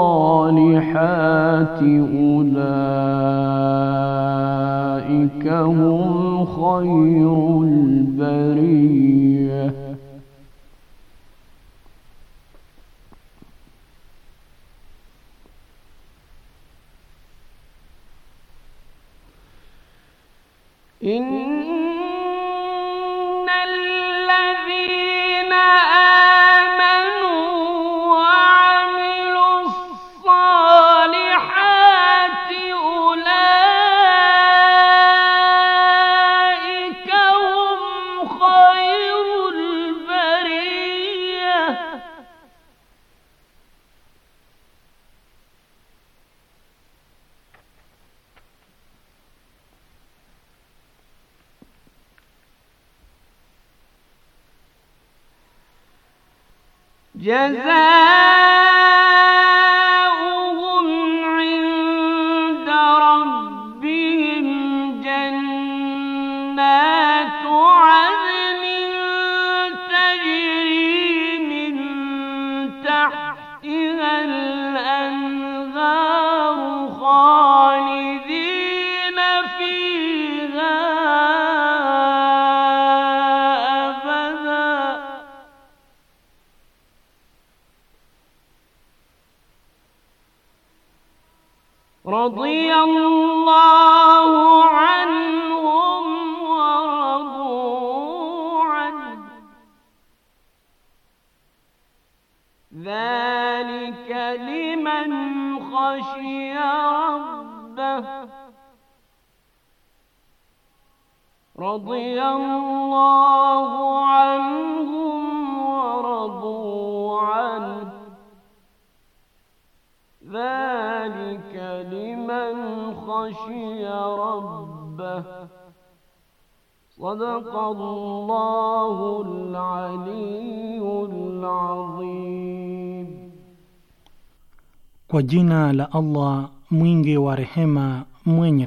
الصالحات أولئك هم خير 现在。الله عنهم ورضوا عنه ذلك لمن خشي ربه صدق الله العلي العظيم kwa لالله la Allah mwingi wa rehema mwenye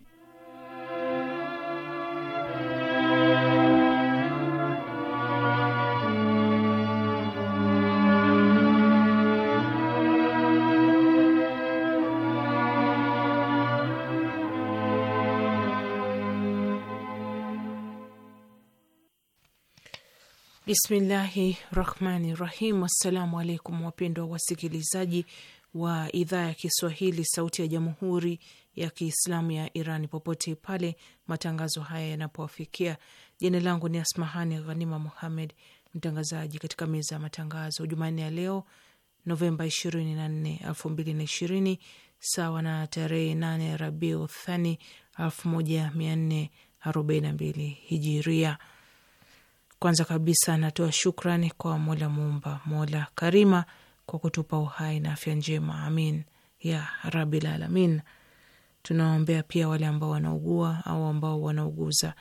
Bismillahi rahmani rahim. Assalamu alaikum wapendwa wasikilizaji wa idhaa ya Kiswahili sauti ya jamhuri ya Kiislamu ya Iran popote pale matangazo haya yanapowafikia. Jina langu ni Asmahani Ghanima Muhammed, mtangazaji katika meza ya matangazo Jumanne ya leo Novemba 24, 2020 sawa na tarehe 8 Rabiu Thani 1442 Hijiria. Kwanza kabisa natoa shukrani kwa Mola Muumba, Mola Karima, kwa kutupa uhai na afya njema, amin ya rabil alamin. Tunawaombea pia wale ambao wanaugua au ambao wanauguza,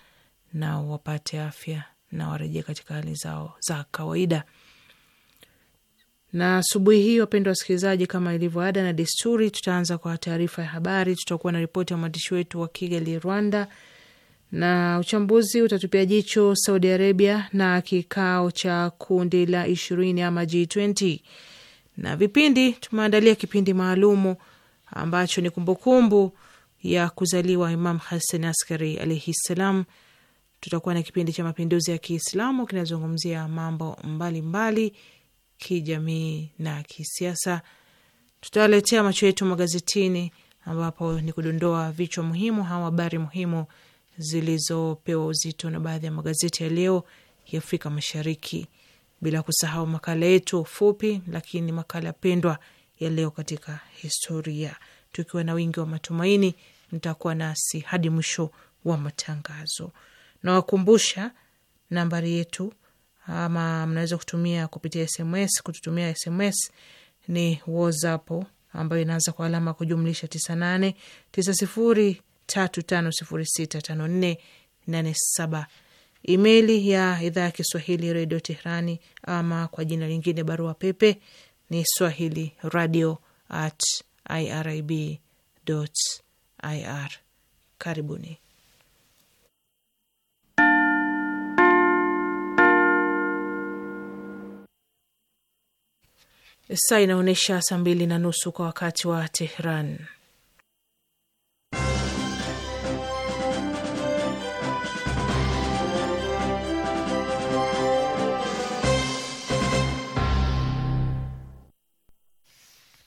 na wapate afya na warejee katika hali zao za kawaida. Na asubuhi hii, wapendwa wasikilizaji, kama ilivyo ada na desturi, tutaanza kwa taarifa ya habari. Tutakuwa na ripoti ya mwandishi wetu wa Kigali, Rwanda na uchambuzi utatupia jicho Saudi Arabia na kikao cha kundi la ishirini ama G20, na vipindi tumeandalia kipindi maalumu ambacho ni kumbukumbu ya kuzaliwa Imam Hasan Askari alaihi ssalam. Tutakuwa na kipindi cha mapinduzi ya Kiislamu kinazungumzia mambo mbalimbali mbali, kijamii na kisiasa. Tutawaletea macho yetu magazetini, ambapo ni kudondoa vichwa muhimu au habari muhimu zilizopewa uzito na baadhi ya magazeti ya leo ya Afrika Mashariki, bila kusahau makala yetu fupi lakini makala pendwa ya leo katika historia. Tukiwa na wingi wa matumaini, mtakuwa nasi hadi mwisho wa matangazo. Nawakumbusha nambari yetu, ama mnaweza kutumia kupitia SMS, kututumia SMS ni WhatsApp ambayo inaanza kwa alama ya kujumlisha tisa sifuri 35065487 Imeli ya idhaa ya Kiswahili redio Teherani, ama kwa jina lingine barua pepe ni swahili radio at irib ir. Karibuni. Saa inaonyesha saa mbili na nusu kwa wakati wa Tehran.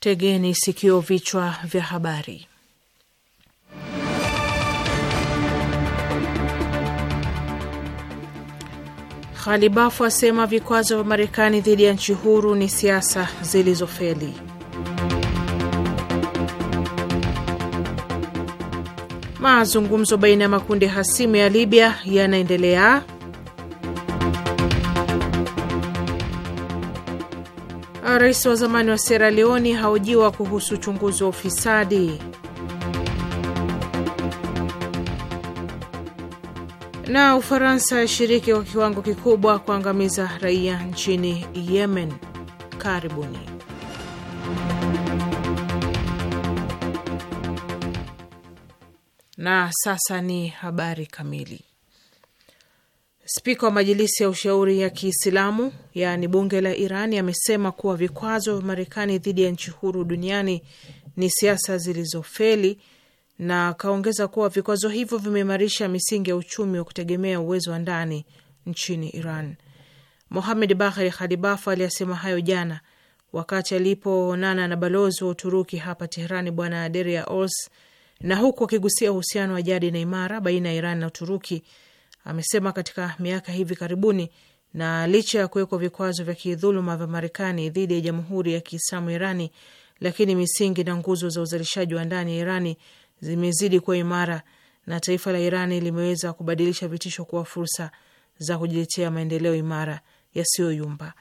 Tegeni sikio, vichwa vya habari. Khalibafu asema vikwazo vya Marekani dhidi ya nchi huru ni siasa zilizofeli. Mazungumzo baina ya makundi hasimu ya Libya yanaendelea. Rais wa zamani wa Sierra Leone haujiwa kuhusu uchunguzi wa ufisadi. Na Ufaransa yashiriki kwa kiwango kikubwa kuangamiza raia nchini Yemen. Karibuni. Na sasa ni habari kamili. Spika wa Majilisi ya Ushauri ya Kiislamu yaani bunge la Irani amesema kuwa vikwazo vya Marekani dhidi ya nchi huru duniani ni siasa zilizofeli, na akaongeza kuwa vikwazo hivyo vimeimarisha misingi ya uchumi wa kutegemea uwezo wa ndani nchini Iran. Mohamed Bahri Khalibafa aliyasema hayo jana wakati alipoonana na balozi wa Uturuki hapa Teherani, Bwana Deria Ols, na huku akigusia uhusiano wa jadi na imara baina ya Iran na Uturuki amesema katika miaka hivi karibuni, na licha ya kuwekwa vikwazo vya kidhuluma vya Marekani dhidi ya Jamhuri ya Kiislamu Irani, lakini misingi na nguzo za uzalishaji wa ndani ya Irani zimezidi kuwa imara na taifa la Irani limeweza kubadilisha vitisho kuwa fursa za kujiletea maendeleo imara yasiyoyumba.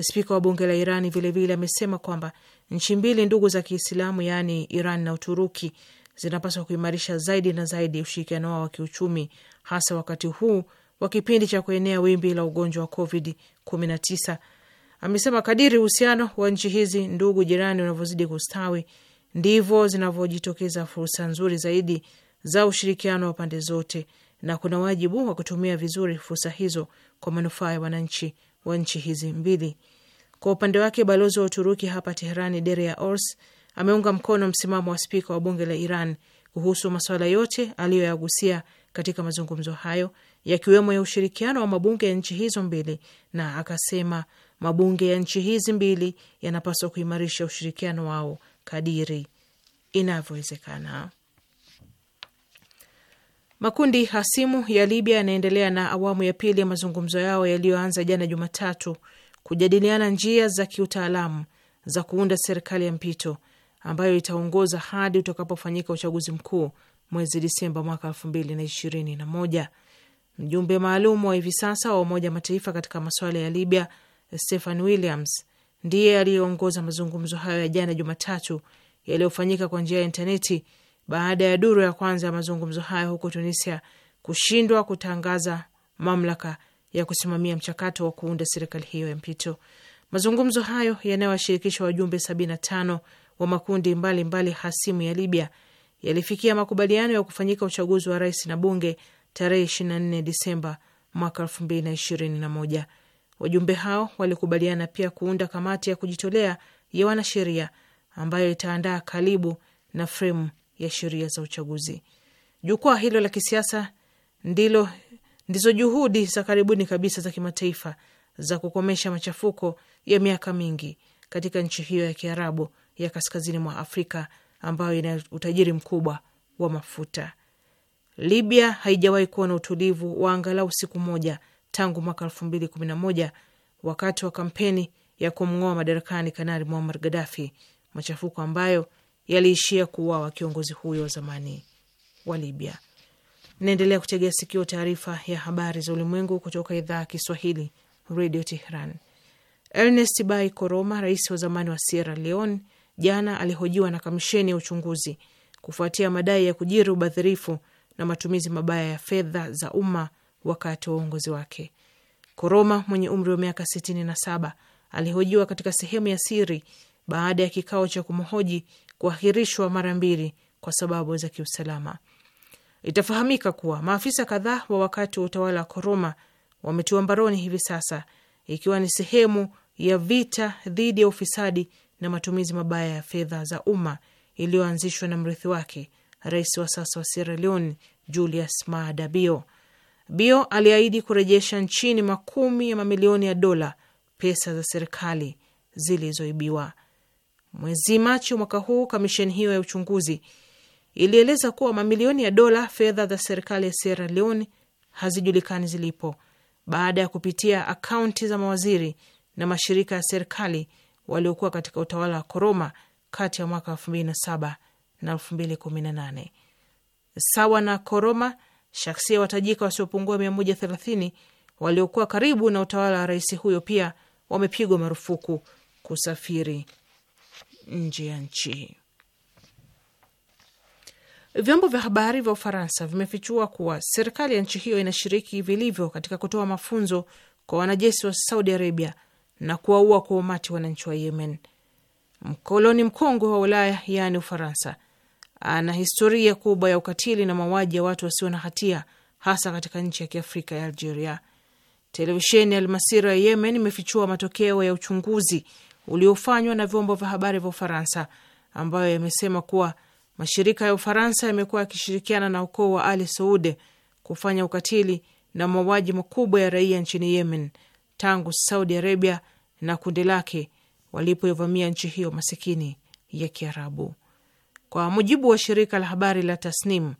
Spika wa bunge la Irani vilevile amesema kwamba nchi mbili ndugu za Kiislamu, yaani Iran na Uturuki, zinapaswa kuimarisha zaidi na zaidi ushirikiano wao wa kiuchumi, hasa wakati huu wa kipindi cha kuenea wimbi la ugonjwa wa Covid 19. Amesema kadiri uhusiano wa nchi hizi ndugu jirani unavyozidi kustawi ndivyo zinavyojitokeza fursa nzuri zaidi za ushirikiano wa pande zote, na kuna wajibu wa kutumia vizuri fursa hizo kwa manufaa ya wananchi wa nchi hizi mbili. Kwa upande wake, balozi wa Uturuki hapa Teherani, Deria Ors, ameunga mkono msimamo wa spika wa bunge la Iran kuhusu masuala yote aliyoyagusia katika mazungumzo hayo yakiwemo ya ushirikiano wa mabunge ya nchi hizo mbili, na akasema mabunge ya nchi hizi mbili yanapaswa kuimarisha ushirikiano wao kadiri inavyowezekana. Makundi hasimu ya Libya yanaendelea na awamu ya pili ya mazungumzo yao yaliyoanza jana Jumatatu kujadiliana njia za kiutaalamu za kuunda serikali ya mpito ambayo itaongoza hadi utakapofanyika uchaguzi mkuu mwezi Disemba mwaka elfu mbili na ishirini na moja. Mjumbe maalum wa hivi sasa wa Umoja Mataifa katika masuala ya Libya, Stephen Williams, ndiye aliyeongoza mazungumzo hayo ya jana Jumatatu yaliyofanyika kwa njia ya intaneti baada ya duru ya kwanza ya mazungumzo hayo huko Tunisia kushindwa kutangaza mamlaka ya kusimamia mchakato wa kuunda serikali hiyo ya mpito. Mazungumzo hayo yanayowashirikisha wajumbe sabini na tano wa makundi mbalimbali mbali hasimu ya Libya yalifikia makubaliano ya kufanyika uchaguzi wa rais na bunge tarehe 24 Disemba mwaka 2021. Wajumbe hao walikubaliana pia kuunda kamati ya kujitolea ya wanasheria ambayo itaandaa kalibu na fremu ya sheria za uchaguzi. Jukwaa hilo la kisiasa ndilo ndizo juhudi za karibuni kabisa za kimataifa za kukomesha machafuko ya miaka mingi katika nchi hiyo ya Kiarabu ya kaskazini mwa Afrika ambayo ina utajiri mkubwa wa mafuta. Libya haijawahi kuwa na utulivu wa angalau siku moja tangu mwaka elfu mbili kumi na moja wakati wa kampeni ya kumng'oa madarakani Kanali Muammar Gaddafi, machafuko ambayo yaliishia kuuawa kiongozi huyo wa zamani wa Libya. Naendelea kutegea sikio taarifa ya habari za ulimwengu kutoka idhaa ya Kiswahili, Radio Tehran. Ernest Bai Koroma, rais wa zamani wa Sierra Leone, jana alihojiwa na kamisheni ya uchunguzi kufuatia madai ya kujiri ubadhirifu na matumizi mabaya ya fedha za umma wakati wa uongozi wake. Koroma mwenye umri wa miaka 67 alihojiwa katika sehemu ya siri baada ya kikao cha kumhoji kuahirishwa mara mbili kwa sababu za kiusalama. Itafahamika kuwa maafisa kadhaa wa wakati wa utawala wa Koroma wametiwa mbaroni hivi sasa, ikiwa ni sehemu ya vita dhidi ya ufisadi na matumizi mabaya ya fedha za umma iliyoanzishwa na mrithi wake rais wa sasa wa Sierra Leone Julius Maada Bio. Bio aliahidi kurejesha nchini makumi ya mamilioni ya dola pesa za serikali zilizoibiwa. Mwezi Machi mwaka huu, kamisheni hiyo ya uchunguzi ilieleza kuwa mamilioni ya dola fedha za serikali ya Sierra Leone hazijulikani zilipo baada ya kupitia akaunti za mawaziri na mashirika ya serikali waliokuwa katika utawala wa Koroma kati ya mwaka elfu mbili na saba na elfu mbili kumi na nane. Sawa na Koroma, shaksia watajika wasiopungua mia moja thelathini waliokuwa karibu na utawala wa rais huyo pia wamepigwa marufuku kusafiri nje ya nchi. Vyombo vya habari vya Ufaransa vimefichua kuwa serikali ya nchi hiyo inashiriki vilivyo katika kutoa mafunzo kwa wanajeshi wa Saudi Arabia na kuwaua kwa umati wananchi wa Yemen. Mkoloni mkongwe wa Ulaya yaani Ufaransa ana historia kubwa ya ukatili na mauaji ya watu wasio na hatia, hasa katika nchi ya kiafrika ya Algeria. Televisheni ya Almasira ya Yemen imefichua matokeo ya uchunguzi uliofanywa na vyombo vya habari vya Ufaransa ambayo yamesema kuwa mashirika ya Ufaransa yamekuwa yakishirikiana na ukoo wa Ali Saud kufanya ukatili na mauaji makubwa ya raia nchini Yemen tangu Saudi Arabia na kundi lake walipoivamia nchi hiyo masikini ya Kiarabu. Kwa mujibu wa shirika la habari la Tasnim,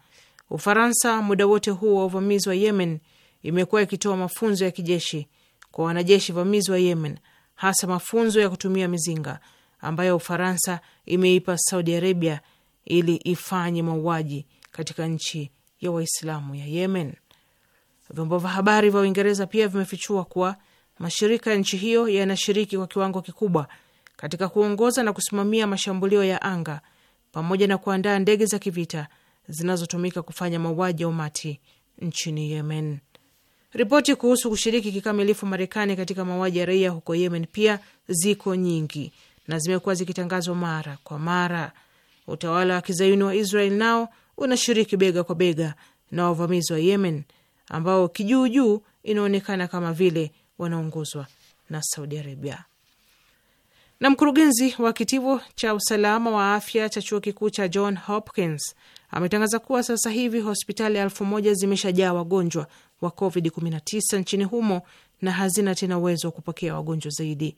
Ufaransa muda wote huo wa uvamizi wa Yemen imekuwa ikitoa mafunzo ya kijeshi kwa wanajeshi vamizi wa Yemen, hasa mafunzo ya kutumia mizinga ambayo Ufaransa imeipa Saudi Arabia ili ifanye mauaji katika nchi ya Waislamu ya Yemen. Vyombo vya habari vya Uingereza pia vimefichua kuwa mashirika ya nchi hiyo yanashiriki kwa kiwango kikubwa katika kuongoza na kusimamia mashambulio ya anga pamoja na kuandaa ndege za kivita zinazotumika kufanya mauaji ya umati nchini Yemen. Ripoti kuhusu kushiriki kikamilifu Marekani katika mauaji ya raia huko Yemen pia ziko nyingi na zimekuwa zikitangazwa mara kwa mara. Utawala wa kizayuni wa Israel nao unashiriki bega kwa bega na wavamizi wa Yemen ambao kijuujuu inaonekana kama vile wanaongozwa na Saudi Arabia. Na mkurugenzi wa kitivo cha usalama wa afya cha chuo kikuu cha John Hopkins ametangaza kuwa sasa hivi hospitali elfu moja zimeshajaa wagonjwa wa COVID-19 nchini humo na hazina tena uwezo wa kupokea wagonjwa zaidi.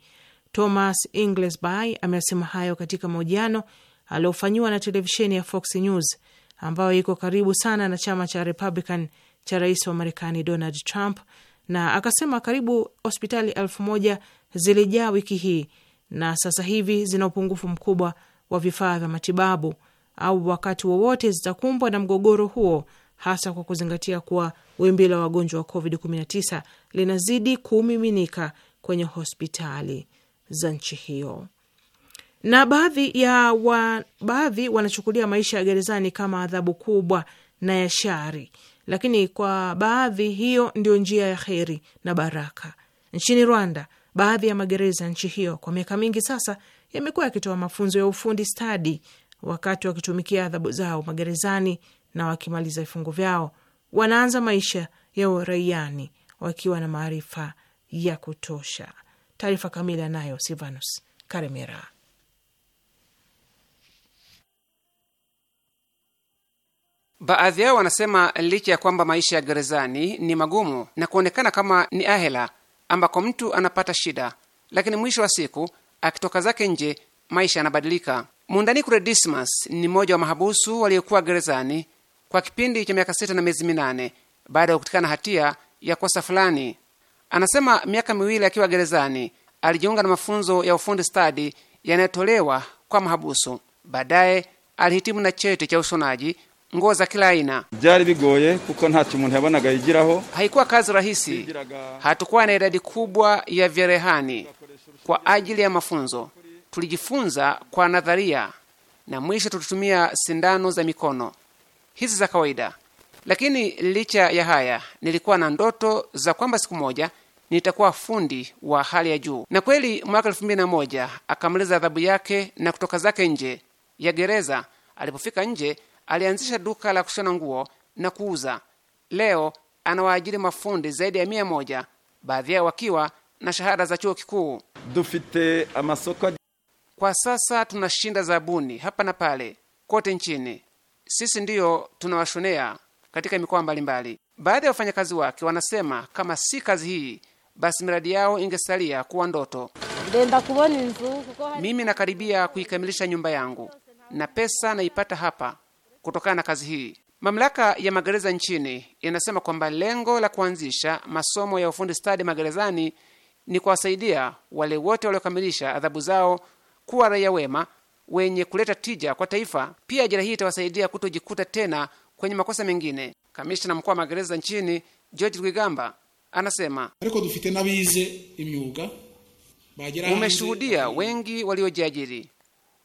Thomas Inglesby amesema hayo katika mahojiano aliyofanyiwa na televisheni ya Fox News ambayo iko karibu sana na chama cha Republican cha rais wa Marekani Donald Trump na akasema karibu hospitali elfu moja zilijaa wiki hii na sasa hivi zina upungufu mkubwa wa vifaa vya matibabu, au wakati wowote zitakumbwa na mgogoro huo, hasa kwa kuzingatia kuwa wimbi la wagonjwa wa COVID-19 linazidi kumiminika kwenye hospitali za nchi hiyo. Na baadhi ya wa, baadhi wanachukulia maisha ya gerezani kama adhabu kubwa na ya shari lakini kwa baadhi hiyo ndio njia ya heri na baraka. Nchini Rwanda, baadhi ya magereza ya nchi hiyo kwa miaka mingi sasa yamekuwa yakitoa mafunzo ya ufundi stadi wakati wakitumikia adhabu zao magerezani, na wakimaliza vifungo vyao wanaanza maisha ya uraiani wakiwa na maarifa ya kutosha. Taarifa kamili anayo Silvanus Karemera. Baadhi yao wanasema licha ya kwamba maisha ya gerezani ni magumu na kuonekana kama ni ahela ambako mtu anapata shida, lakini mwisho wa siku akitoka zake nje maisha yanabadilika. Mundani Kuredismas ni mmoja wa mahabusu waliokuwa gerezani kwa kipindi cha miaka sita na miezi minane baada ya kupatikana hatia ya kosa fulani. Anasema miaka miwili akiwa gerezani alijiunga na mafunzo ya ufundi stadi yanayotolewa kwa mahabusu. Baadaye alihitimu na cheti cha ushonaji nguo za kila aina. byari bigoye kuko ntacyo umuntu yabonaga yigiraho. Haikuwa kazi rahisi, hatukuwa na idadi kubwa ya vyerehani kwa ajili ya mafunzo. Tulijifunza kwa nadharia na mwisho tulitumia sindano za mikono hizi za kawaida. Lakini licha ya haya, nilikuwa na ndoto za kwamba siku moja nitakuwa fundi wa hali ya juu. Na kweli mwaka elfu mbili na moja akamaliza adhabu yake na kutoka zake nje ya gereza. Alipofika nje alianzisha duka la kushona nguo na kuuza. Leo anawaajiri mafundi zaidi ya mia moja, baadhi yao wakiwa na shahada za chuo kikuu. Dufite amasoko. Kwa sasa tunashinda zabuni hapa na pale kote nchini. Sisi ndiyo tunawashonea katika mikoa mbalimbali. Baadhi ya wafanyakazi wake wanasema kama si kazi hii, basi miradi yao ingesalia kuwa ndoto. Mimi nakaribia kuikamilisha nyumba yangu na pesa naipata hapa kutokana na kazi hii. Mamlaka ya magereza nchini inasema kwamba lengo la kuanzisha masomo ya ufundi stadi magerezani ni kuwasaidia wale wote waliokamilisha adhabu zao kuwa raia wema wenye kuleta tija kwa taifa. Pia ajira hii itawasaidia kutojikuta tena kwenye makosa mengine. Kamishna mkuu wa magereza nchini George Rwigamba anasema umeshuhudia wengi waliojiajiri.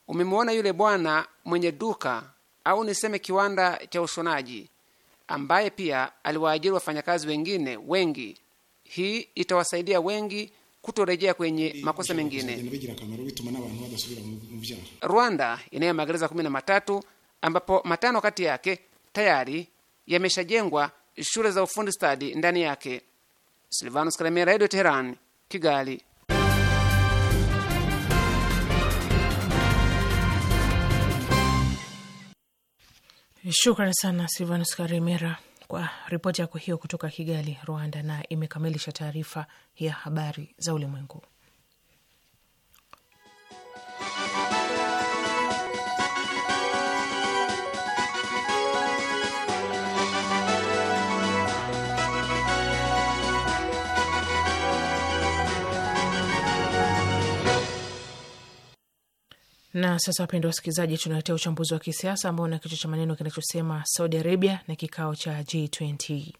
Umemwona yule bwana mwenye duka au niseme kiwanda cha ushonaji, ambaye pia aliwaajiri wafanyakazi wengine wengi. Hii itawasaidia wengi kutorejea kwenye makosa mengine. Rwanda inayo magereza kumi na matatu ambapo matano kati yake tayari yameshajengwa shule za ufundi stadi ndani yake. Silvanus Kalemera, Radio Teheran, Kigali. Shukran sana Silvanus Karimera kwa ripoti yako hiyo kutoka Kigali, Rwanda, na imekamilisha taarifa ya habari za ulimwengu. Na sasa wapendwa wasikilizaji, tunaletea uchambuzi wa kisiasa ambao na kichwa cha maneno kinachosema Saudi Arabia na kikao cha G20.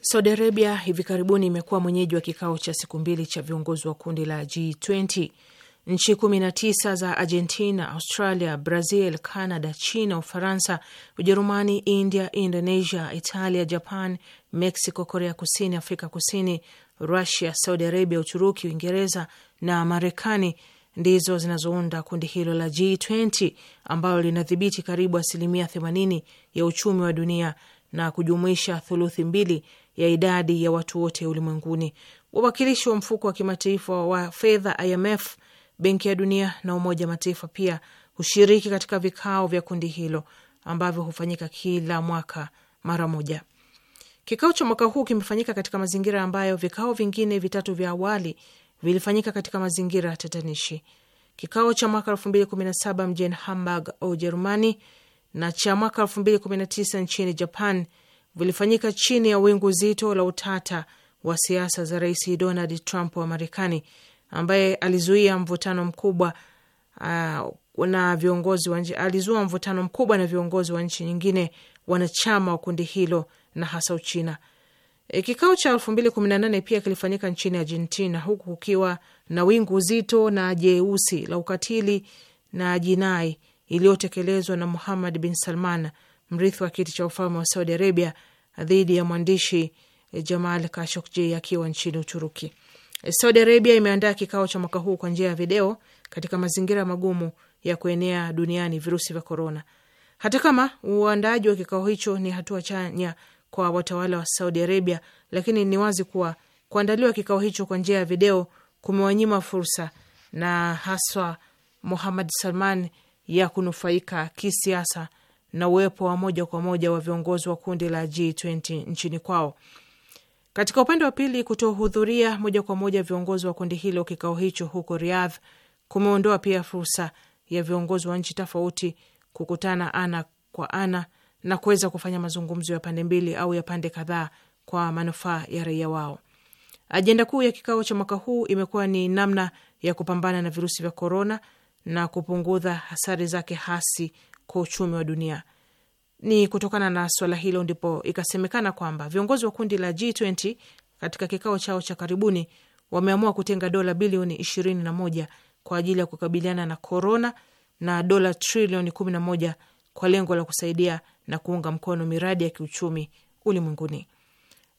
Saudi Arabia hivi karibuni imekuwa mwenyeji wa kikao cha siku mbili cha viongozi wa kundi la G20. Nchi kumi tisa za Argentina, Australia, Brazil, Canada, China, Ufaransa, Ujerumani, India, Indonesia, Italia, Japan, Mexico, Korea Kusini, Afrika Kusini, Rusia, Saudi Arabia, Uturuki, Uingereza na Marekani ndizo zinazounda kundi hilo la G20 ambalo linadhibiti karibu asilimia 80 ya uchumi wa dunia na kujumuisha thuluthi mbili ya idadi ya watu wote ulimwenguni. Wawakilishi wa mfuko wa kimataifa wa fedha IMF Benki ya Dunia na Umoja Mataifa pia hushiriki katika vikao vya kundi hilo ambavyo hufanyika kila mwaka mara moja. Kikao cha mwaka huu kimefanyika katika mazingira ambayo vikao vingine vitatu vya awali vilifanyika katika mazingira ya tatanishi. Kikao cha mwaka elfu mbili kumi na saba mjini Hamburg, Ujerumani na cha mwaka elfu mbili kumi na tisa nchini Japan vilifanyika chini ya wingu zito la utata wa siasa za Rais Donald Trump wa Marekani ambaye alizuia mvutano mkubwa uh, na viongozi wa nchi alizua mvutano mkubwa na viongozi wa nchi nyingine wanachama wa kundi hilo na hasa Uchina. E, kikao cha elfu mbili kumi na nane pia kilifanyika nchini Argentina huku kukiwa na wingu zito na jeusi la ukatili na jinai iliyotekelezwa na Muhammad bin Salman, mrithi wa kiti cha ufalme wa Saudi Arabia, dhidi ya mwandishi eh, Jamal Kashokji akiwa nchini Uturuki. Saudi Arabia imeandaa kikao cha mwaka huu kwa njia ya video katika mazingira magumu ya kuenea duniani virusi vya korona. Hata kama uandaaji wa kikao hicho ni hatua chanya kwa watawala wa Saudi Arabia, lakini ni wazi kuwa kuandaliwa kikao hicho kwa njia ya video kumewanyima fursa na haswa Muhammad Salman ya kunufaika kisiasa na uwepo wa moja kwa moja wa viongozi wa kundi la G20 nchini kwao. Katika upande wa pili, kutohudhuria moja kwa moja viongozi wa kundi hilo kikao hicho huko Riyadh kumeondoa pia fursa ya viongozi wa nchi tofauti kukutana ana kwa ana na kuweza kufanya mazungumzo ya pande mbili au ya pande kadhaa kwa manufaa ya raia wao. Ajenda kuu ya kikao cha mwaka huu imekuwa ni namna ya kupambana na virusi vya korona na kupunguza hasara zake hasi kwa uchumi wa dunia. Ni kutokana na swala hilo ndipo ikasemekana kwamba viongozi wa kundi la G20 katika kikao chao cha karibuni wameamua kutenga dola bilioni 21 kwa ajili ya kukabiliana na korona na dola trilioni 11 kwa lengo la kusaidia na kuunga mkono miradi ya kiuchumi ulimwenguni.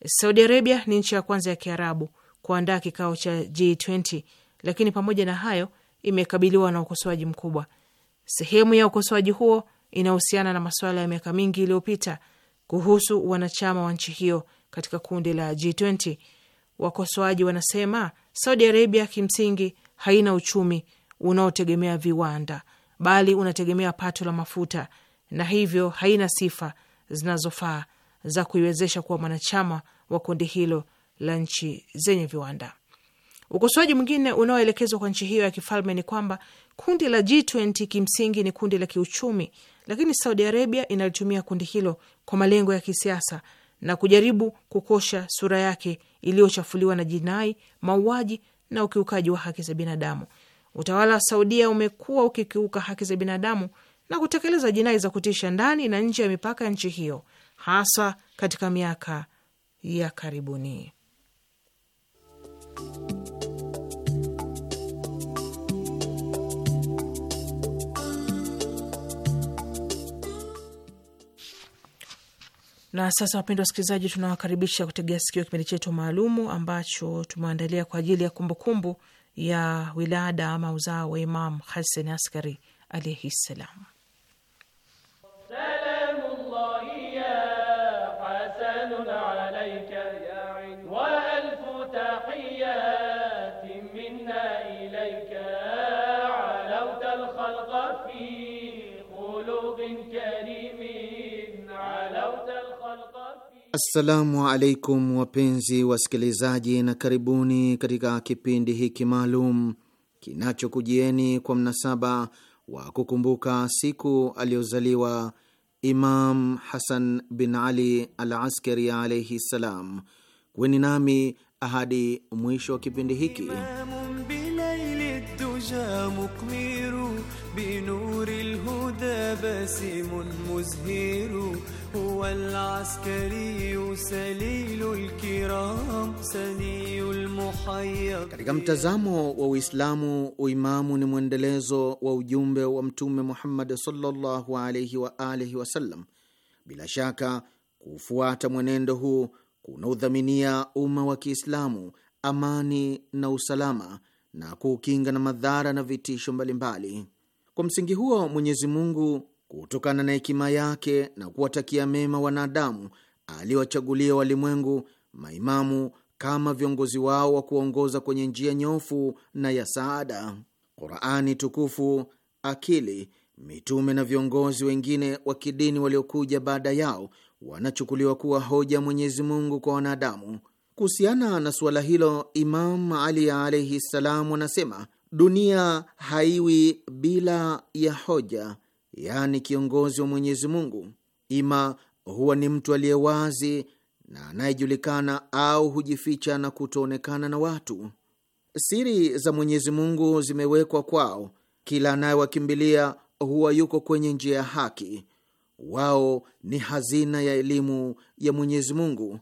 Saudi Arabia ni nchi ya kwanza ya kiarabu kuandaa kikao cha G20, lakini pamoja na hayo imekabiliwa na ukosoaji mkubwa. Sehemu ya ukosoaji huo inahusiana na masuala ya miaka mingi iliyopita kuhusu wanachama wa nchi hiyo katika kundi la G20. Wakosoaji wanasema Saudi Arabia kimsingi haina uchumi unaotegemea viwanda, bali unategemea pato la mafuta na hivyo haina sifa zinazofaa za kuiwezesha kuwa mwanachama wa kundi hilo la nchi zenye viwanda. Ukosoaji mwingine unaoelekezwa kwa nchi hiyo ya kifalme ni kwamba kundi la G20 kimsingi ni kundi la kiuchumi, lakini Saudi Arabia inalitumia kundi hilo kwa malengo ya kisiasa na kujaribu kukosha sura yake iliyochafuliwa na jinai, mauaji na ukiukaji wa haki za binadamu. Utawala wa Saudia umekuwa ukikiuka haki za binadamu na kutekeleza jinai za kutisha ndani na nje ya mipaka ya nchi hiyo, hasa katika miaka ya karibuni. Na sasa wapendwa wasikilizaji, tunawakaribisha kutegea sikio kipindi chetu maalumu ambacho tumeandalia kwa ajili ya kumbukumbu kumbu ya wilada ama uzao wa Imam Hasan Askari alaihi ssalam. Assalamu alaikum wapenzi wasikilizaji, na karibuni katika kipindi hiki maalum kinachokujieni kwa mnasaba wa kukumbuka siku aliyozaliwa Imam Hasan bin Ali al Askari alaihi ssalam. Kweni nami ahadi mwisho wa kipindi hiki. هو العسكري سليل الكرام سني المحيا. Katika mtazamo wa Uislamu, uimamu ni mwendelezo wa ujumbe wa Mtume Muhammad sallallahu wa alihi wasallam. Bila shaka kufuata mwenendo huu kunaudhaminia umma wa Kiislamu amani na usalama na kuukinga na madhara na vitisho mbalimbali. Kwa msingi huo Mwenyezi Mungu kutokana na hekima yake na kuwatakia mema wanadamu, aliwachagulia walimwengu maimamu kama viongozi wao wa kuongoza kwenye njia nyofu na ya saada. Qurani tukufu, akili, mitume na viongozi wengine wa kidini waliokuja baada yao wanachukuliwa kuwa hoja Mwenyezi Mungu kwa wanadamu. Kuhusiana na suala hilo, Imam Ali alaihi ssalam anasema dunia haiwi bila ya hoja yaani kiongozi wa Mwenyezi Mungu, ima huwa ni mtu aliye wazi na anayejulikana au hujificha na kutoonekana na watu. Siri za Mwenyezi Mungu zimewekwa kwao, kila anayewakimbilia huwa yuko kwenye njia ya haki. Wao ni hazina ya elimu ya Mwenyezi Mungu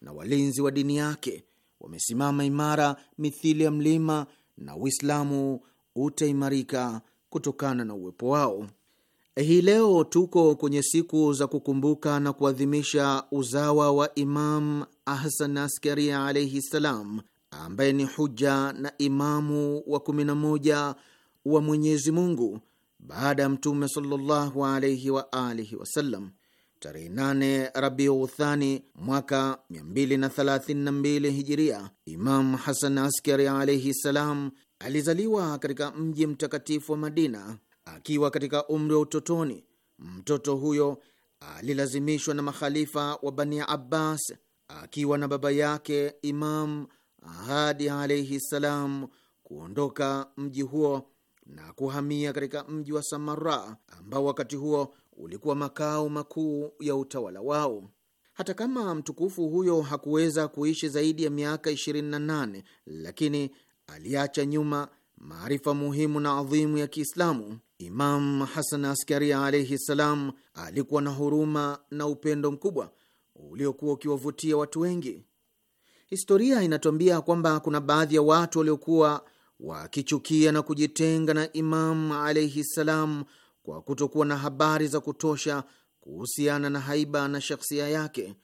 na walinzi wa dini yake, wamesimama imara mithili ya mlima, na Uislamu utaimarika kutokana na uwepo wao. Hii leo tuko kwenye siku za kukumbuka na kuadhimisha uzawa wa Imam Hasan Askari alaihi ssalam, ambaye ni huja na imamu wa 11 wa Mwenyezi Mungu baada ya Mtume sallallahu alaihi wa alihi wasallam. Tarehe 8 Rabiu mwaka 232 Hijiria, Imam Hasan Askari alaihi ssalam alizaliwa katika mji mtakatifu wa Madina. Akiwa katika umri wa utotoni, mtoto huyo alilazimishwa na makhalifa wa Bani Abbas akiwa na baba yake Imam Hadi alaihi ssalam kuondoka mji huo na kuhamia katika mji wa Samara ambao wakati huo ulikuwa makao makuu ya utawala wao. Hata kama mtukufu huyo hakuweza kuishi zaidi ya miaka 28 lakini aliacha nyuma maarifa muhimu na adhimu ya Kiislamu. Imam Hasan Askari alaihi ssalam alikuwa na huruma na upendo mkubwa uliokuwa ukiwavutia watu wengi. Historia inatuambia kwamba kuna baadhi ya watu waliokuwa wakichukia na kujitenga na Imam alaihi ssalam kwa kutokuwa na habari za kutosha kuhusiana na haiba na shakhsia yake,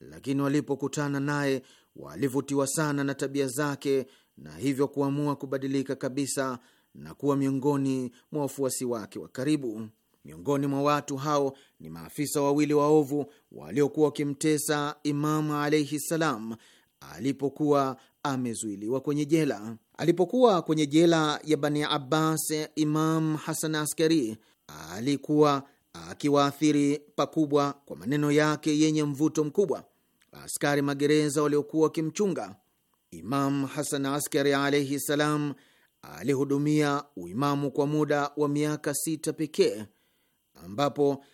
lakini walipokutana naye walivutiwa sana na tabia zake na hivyo kuamua kubadilika kabisa na kuwa miongoni mwa wafuasi wake wa karibu. Miongoni mwa watu hao ni maafisa wawili waovu waliokuwa wakimtesa Imamu alaihi ssalam alipokuwa amezuiliwa kwenye jela. Alipokuwa kwenye jela ya Bani Abbas, Imam Hasan Askari alikuwa akiwaathiri pakubwa kwa maneno yake yenye mvuto mkubwa askari magereza waliokuwa wakimchunga. Imam Hasan Askari alaihi ssalam alihudumia uimamu kwa muda wa miaka sita pekee, ambapo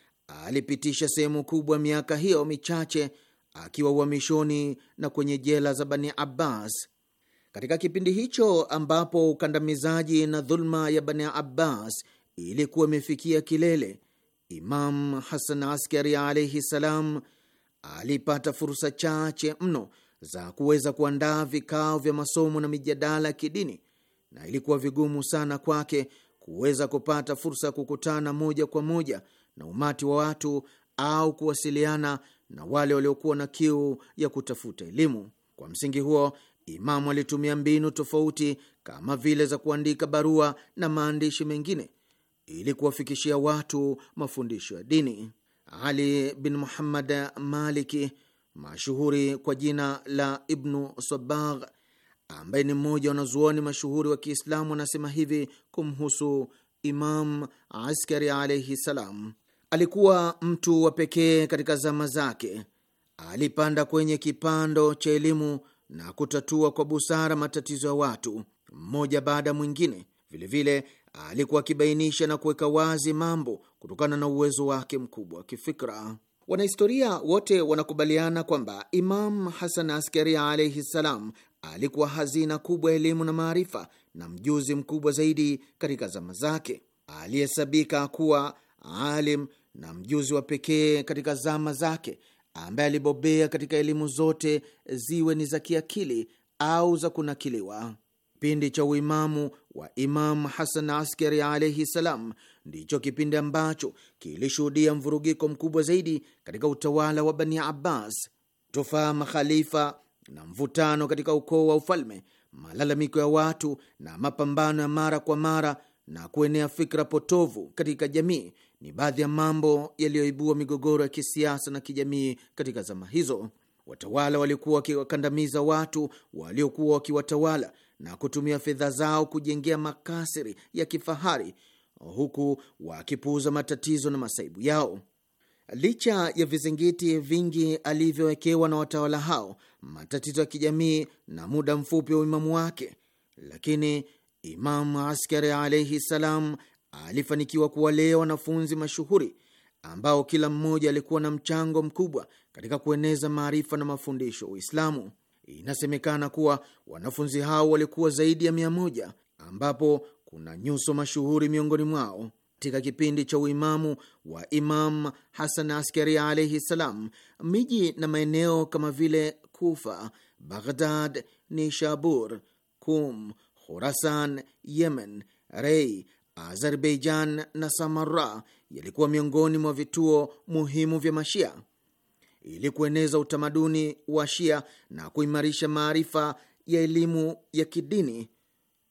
alipitisha sehemu kubwa miaka hiyo michache akiwa uhamishoni na kwenye jela za Bani Abbas. Katika kipindi hicho ambapo ukandamizaji na dhulma ya Bani Abbas ilikuwa imefikia kilele, Imam Hasan Askari alaihi salam alipata fursa chache mno za kuweza kuandaa vikao vya masomo na mijadala ya kidini na ilikuwa vigumu sana kwake kuweza kupata fursa ya kukutana moja kwa moja na umati wa watu au kuwasiliana na wale waliokuwa na kiu ya kutafuta elimu. Kwa msingi huo, Imamu alitumia mbinu tofauti kama vile za kuandika barua na maandishi mengine ili kuwafikishia watu mafundisho ya dini. Ali bin Muhammad Maliki, mashuhuri kwa jina la Ibnu Sabagh, ambaye ni mmoja wa wanazuoni mashuhuri wa Kiislamu anasema hivi kumhusu Imam Askari alaihi salam: alikuwa mtu wa pekee katika zama zake, alipanda kwenye kipando cha elimu na kutatua kwa busara matatizo ya watu mmoja baada mwingine. Vilevile alikuwa akibainisha na kuweka wazi mambo kutokana na uwezo wake mkubwa wa kifikra. Wanahistoria wote wanakubaliana kwamba Imam Hasan Askari alaihi ssalam alikuwa hazina kubwa ya elimu na maarifa na mjuzi mkubwa zaidi katika zama zake, aliyesabika kuwa alim na mjuzi wa pekee katika zama zake, ambaye alibobea katika elimu zote, ziwe ni za kiakili au za kunakiliwa. Kipindi cha uimamu wa Imamu Hasan Askari alaihi salam ndicho kipindi ambacho kilishuhudia mvurugiko mkubwa zaidi katika utawala wa Bani Abbas. Tofaa makhalifa na mvutano katika ukoo wa ufalme, malalamiko ya watu na mapambano ya mara kwa mara na kuenea fikra potovu katika jamii ni baadhi ya mambo yaliyoibua migogoro ya kisiasa na kijamii katika zama hizo. Watawala walikuwa wakiwakandamiza watu waliokuwa wakiwatawala na kutumia fedha zao kujengea makasiri ya kifahari, huku wakipuuza matatizo na masaibu yao. Licha ya vizingiti vingi alivyowekewa na watawala hao, matatizo ya kijamii na muda mfupi wa uimamu wake, lakini Imamu Askari alaihi ssalam alifanikiwa kuwalea wanafunzi mashuhuri ambao kila mmoja alikuwa na mchango mkubwa katika kueneza maarifa na mafundisho ya Uislamu. Inasemekana kuwa wanafunzi hao walikuwa zaidi ya mia moja ambapo kuna nyuso mashuhuri miongoni mwao. Katika kipindi cha uimamu wa Imam Hasan Askari alaihi ssalam, miji na maeneo kama vile Kufa, Baghdad, Nishabur, Kum, Khurasan, Yemen, Rei, Azerbaijan na Samara yalikuwa miongoni mwa vituo muhimu vya Mashia ili kueneza utamaduni wa Shia na kuimarisha maarifa ya elimu ya kidini.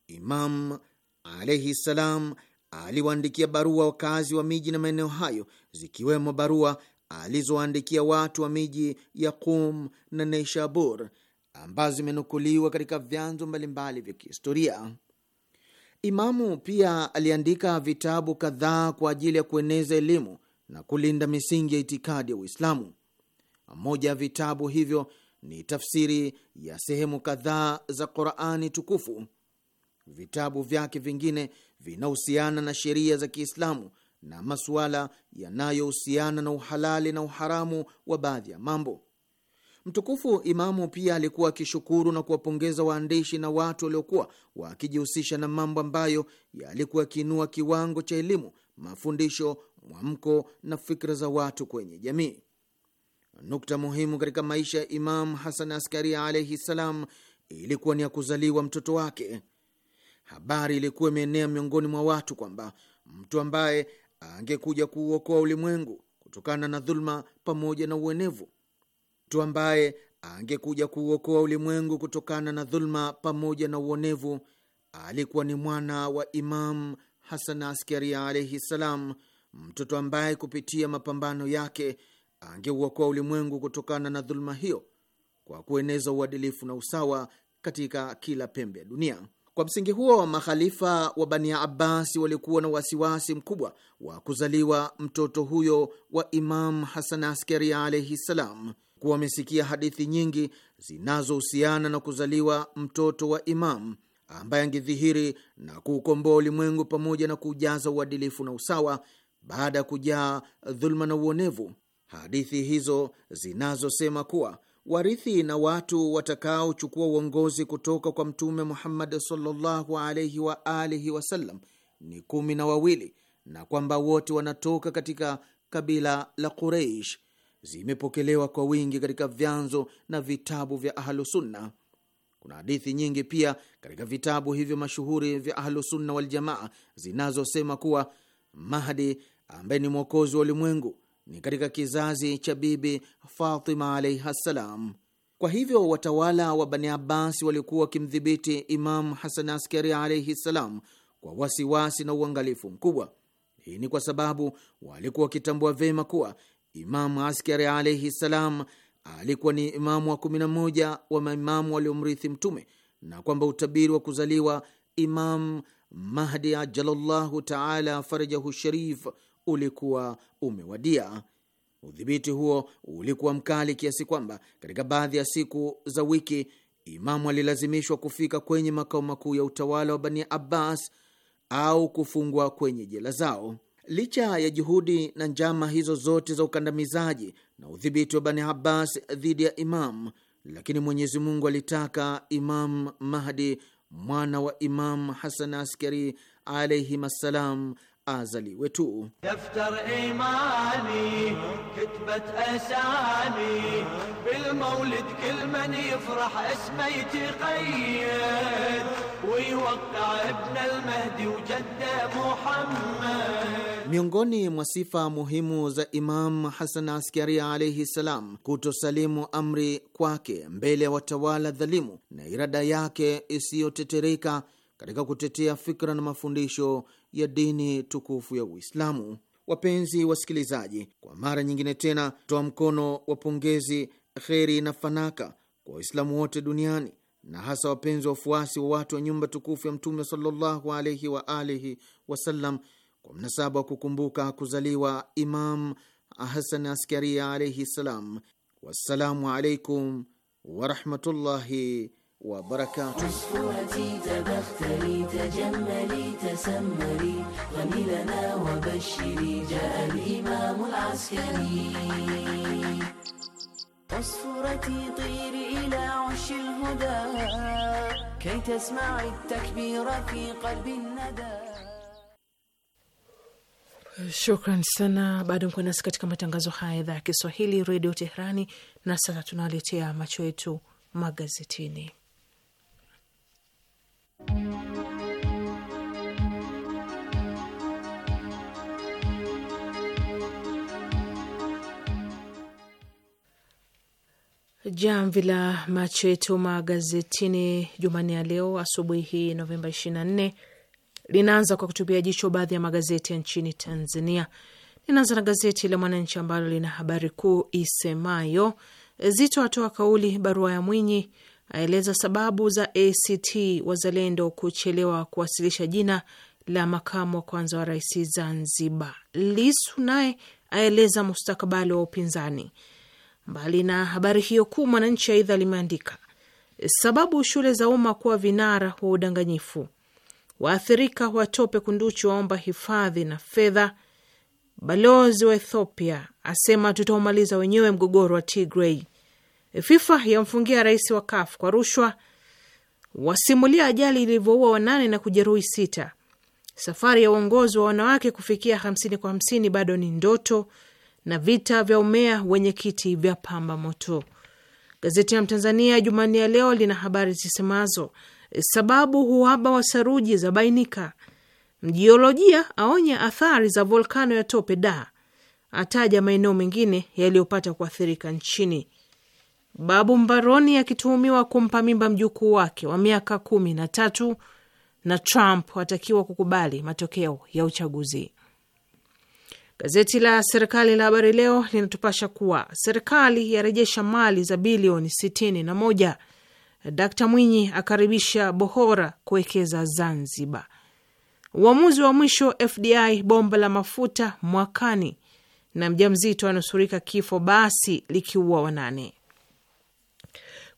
Imam alaihi ssalam aliwaandikia barua wakazi wa miji na maeneo hayo, zikiwemo barua alizoandikia watu wa miji ya Qum na Neishabur ambazo zimenukuliwa katika vyanzo mbalimbali vya kihistoria. Imamu pia aliandika vitabu kadhaa kwa ajili ya kueneza elimu na kulinda misingi ya itikadi ya Uislamu. Moja ya vitabu hivyo ni tafsiri ya sehemu kadhaa za Qurani tukufu. Vitabu vyake vingine vinahusiana na sheria za Kiislamu na masuala yanayohusiana na uhalali na uharamu wa baadhi ya mambo. Mtukufu Imamu pia alikuwa akishukuru na kuwapongeza waandishi na watu waliokuwa wakijihusisha na mambo ambayo yalikuwa yakiinua kiwango cha elimu, mafundisho, mwamko na fikra za watu kwenye jamii. Nukta muhimu katika maisha ya Imamu Hasan Askari alaihi ssalam ilikuwa ni ya kuzaliwa mtoto wake habari ilikuwa imeenea miongoni mwa watu kwamba mtu ambaye angekuja kuuokoa ulimwengu kutokana na dhuluma pamoja na uonevu, mtu ambaye angekuja kuuokoa ulimwengu kutokana na dhuluma pamoja na uonevu alikuwa ni mwana wa Imam Hasan Askaria alaihi ssalam, mtoto ambaye kupitia mapambano yake angeuokoa ulimwengu kutokana na dhuluma hiyo kwa kueneza uadilifu na usawa katika kila pembe ya dunia. Kwa msingi huo wa makhalifa wa Bani Abbas walikuwa na wasiwasi mkubwa wa kuzaliwa mtoto huyo wa Imam Hasan Askari alaihi ssalam, kuwa wamesikia hadithi nyingi zinazohusiana na kuzaliwa mtoto wa Imam ambaye angedhihiri na kuukomboa ulimwengu pamoja na kuujaza uadilifu na usawa baada ya kujaa dhuluma na uonevu. Hadithi hizo zinazosema kuwa warithi na watu watakaochukua uongozi kutoka kwa Mtume Muhammad sallallahu alaihi wa alihi wasallam ni kumi na wawili na kwamba wote wanatoka katika kabila la Quraish zimepokelewa kwa wingi katika vyanzo na vitabu vya Ahlusunna. Kuna hadithi nyingi pia katika vitabu hivyo mashuhuri vya Ahlusunna Waljamaa zinazosema kuwa Mahdi ambaye ni mwokozi wa ulimwengu ni katika kizazi cha Bibi Fatima alaihi ssalam. Kwa hivyo watawala wa Bani Abbasi walikuwa wakimdhibiti Imamu Hasan Askari alaihi ssalam kwa wasiwasi na uangalifu mkubwa. Hii ni kwa sababu walikuwa wakitambua vyema kuwa Imamu Askari alaihi ssalam alikuwa ni imamu wa kumi na moja wa maimamu waliomrithi Mtume na kwamba utabiri wa kuzaliwa Imam Mahdi ajalallahu taala farajahu sharif ulikuwa umewadia. Udhibiti huo ulikuwa mkali kiasi kwamba katika baadhi ya siku za wiki Imamu alilazimishwa kufika kwenye makao makuu ya utawala wa Bani Abbas au kufungwa kwenye jela zao. Licha ya juhudi na njama hizo zote za ukandamizaji na udhibiti wa Bani Abbas dhidi ya imamu lakini Mwenyezi Mungu alitaka Imam Mahdi mwana wa Imam Hasan Askari alaihim assalam azaliwe tu. Miongoni mwa sifa muhimu za Imam Hasan Askari alaihi ssalam, kutosalimu amri kwake mbele ya watawala dhalimu na irada yake isiyotetereka katika kutetea fikra na mafundisho ya dini tukufu ya Uislamu. Wapenzi wasikilizaji, kwa mara nyingine tena toa mkono wa pongezi, kheri na fanaka kwa Waislamu wote duniani na hasa wapenzi wa wafuasi wa watu wa nyumba tukufu ya Mtume sallallahu alaihi wa alihi wasallam kwa mnasaba wa kukumbuka kuzaliwa Imam Hasan Askaria alaihi ssalam. Wassalamu alaikum warahmatullahi وبركاته أسبوعتي تبختري تجملي تسمري غني لنا وبشري جاء الإمام العسكري عصفورتي طيري إلى عش الهدى كي تسمعي التكبير في قلب الندى Shukran sana. Bado mko nasi katika matangazo haya ya idhaa ya Kiswahili redio Teherani. Na sasa tunaletea macho yetu magazetini. Jamvi la macho yetu magazetini Jumanne ya leo asubuhi hii Novemba 24 linaanza kwa kutupia jicho baadhi ya magazeti ya nchini Tanzania. Linaanza na gazeti la Mwananchi ambalo lina habari kuu isemayo Zito atoa kauli, barua ya Mwinyi aeleza sababu za ACT Wazalendo kuchelewa kuwasilisha jina la makamu wa kwanza wa rais Zanzibar. Lisu naye aeleza mustakabali wa upinzani Mbali na habari hiyo kuu, Mwananchi aidha limeandika sababu shule za umma kuwa vinara wa udanganyifu, waathirika watope kunduchi waomba hifadhi na fedha, balozi wa Ethiopia asema tutaumaliza wenyewe mgogoro wa Tigray, FIFA yamfungia rais wa CAF kwa rushwa, wasimulia ajali ilivyoua wanane na kujeruhi sita, safari ya uongozi wa wanawake kufikia hamsini kwa hamsini bado ni ndoto na vita vya umea wenye kiti vya pamba moto. Gazeti ya Mtanzania Jumanne ya leo lina habari zisemazo sababu huaba wa saruji za bainika, mjiolojia aonya athari za volkano ya tope da, ataja maeneo mengine yaliyopata kuathirika nchini. Babu mbaroni akituhumiwa kumpa mimba mjukuu wake wa miaka kumi na tatu na Trump atakiwa kukubali matokeo ya uchaguzi. Gazeti la serikali la Habari Leo linatupasha kuwa serikali yarejesha mali za bilioni sitini na moja. Dkt Mwinyi akaribisha bohora kuwekeza Zanzibar. Uamuzi wa mwisho FDI bomba la mafuta mwakani, na mjamzito anusurika kifo basi likiua wanane.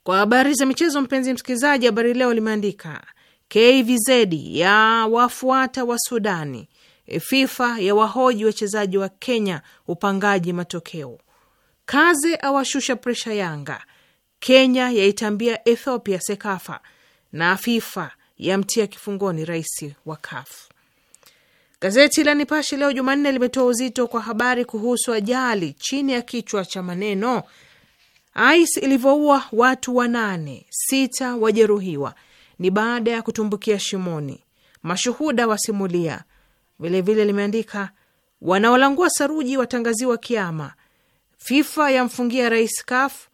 Kwa habari za michezo, mpenzi msikilizaji, Habari Leo limeandika KVZ ya wafuata wa Sudani E, FIFA ya wahoji wachezaji wa Kenya upangaji matokeo. Kaze awashusha presha Yanga. Kenya yaitambia Ethiopia Sekafa na FIFA yamtia kifungoni rais wa KAF. Gazeti la Nipashe leo Jumanne limetoa uzito kwa habari kuhusu ajali chini ya kichwa cha maneno ICE ilivyoua watu wanane, sita wajeruhiwa, ni baada ya kutumbukia shimoni. Mashuhuda wasimulia Vilevile limeandika wanaolangua saruji watangaziwa kiama, FIFA yamfungia rais CAF,